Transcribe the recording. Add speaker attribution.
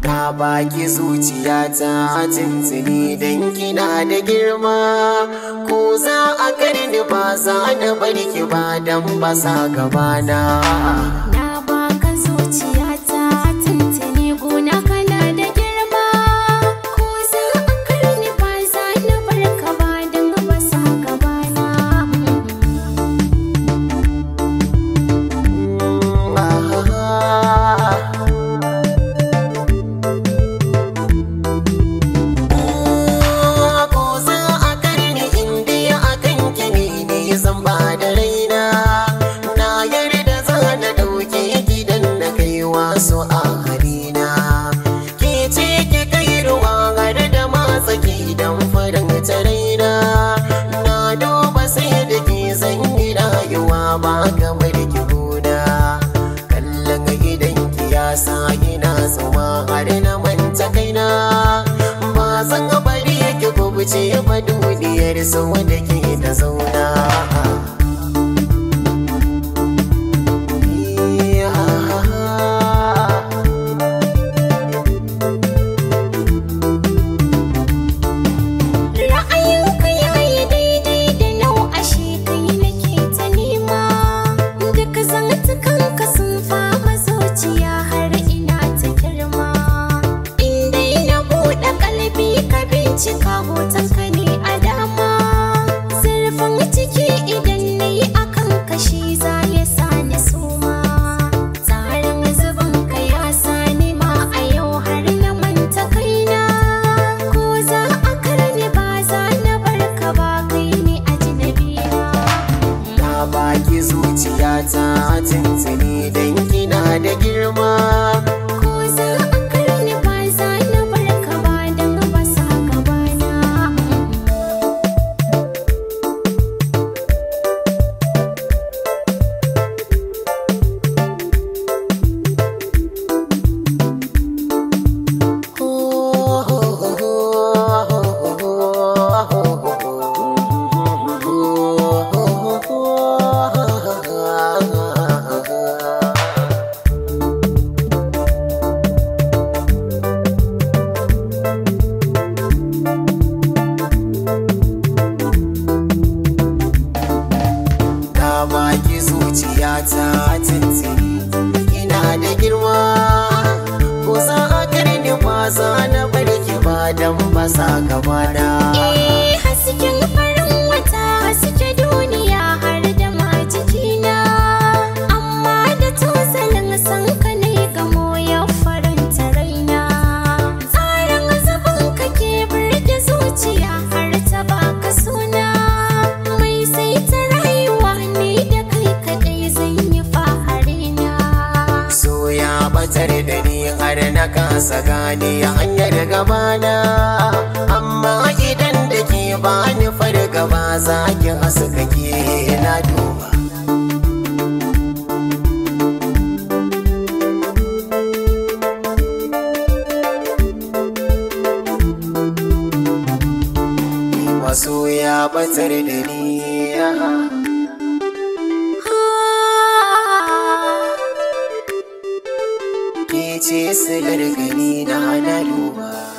Speaker 1: ka baki zuciya ta tuntuni don kina da girma ko za a karni ba za bari ki, ba don ba sa gabana sa ina tsoma har na manta kaina ba san bari yake ko buce ba duniyar sau ke ta zauna
Speaker 2: cika hoton ne a dama zurfin ciki idan na yi kan kashi za ya sa ni suma tsarin zubin ka ya sa ni ma a yau har na manta kaina ko za a karni ba za na bar ka ba kai ne a jinabiya na baki
Speaker 1: zuciyata tuntuni don gina da girma ta ina da girma kusa za a kare za na bari ki ba dan basa batar da ni har na kasa gane hanyar gabana amma
Speaker 2: idan da ke
Speaker 1: ba ni farga ba za ki haska ke na duba Masoya batar da ni ce silar gani na hana duba